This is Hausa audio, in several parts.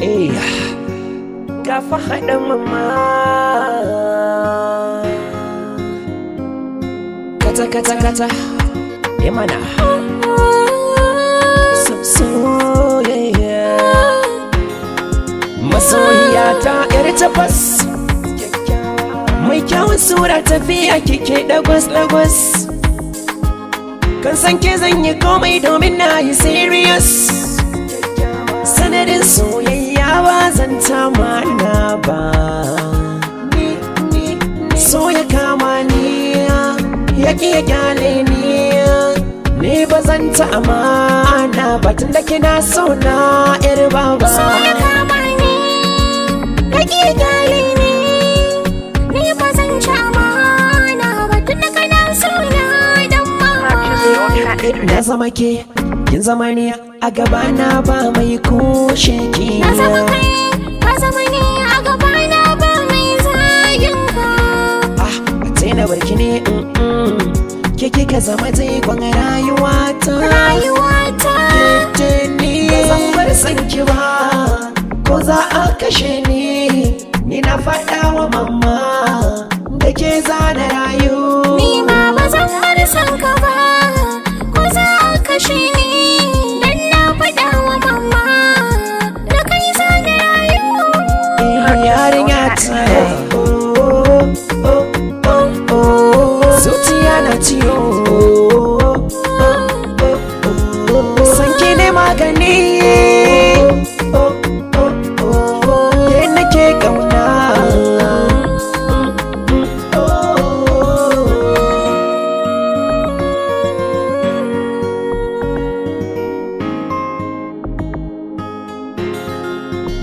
eh gafa haɗin mamma kata kata kata ya eh, mana soyayya oh, masoyiya ta yar tabbas mai kyawun sura tafiya kike dagwas-dagwas kan san ke zan yi komai domin na yi serious amana ba so ya kama ni ya ki ya kyale ni ne ba zan ta amana ba tun da kina so na yar baba so ya kama ni ya ki ya kyale ni ne ba zan ta amana ba tun da kana so na dan baba na zama ke kin zama ni a na ba mai kushe ki na zama kai ke kika zama taikon rayuwata rayuwata ke ni ba zan bar ba ko za a kashe ni ni na faɗa wa mamma da ke za na rayu ni ma ba zan bar ka ba ko za a kashe ni dan na faɗa wa mamma da kai za na rayu eh, yarinya ta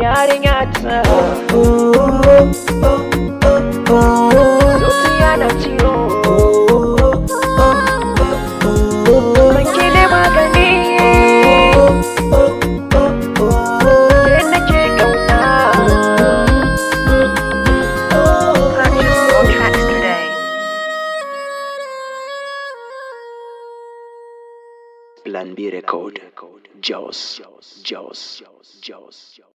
Purchase all tracks today Plan B record Jaws Jaws Jaws Jaws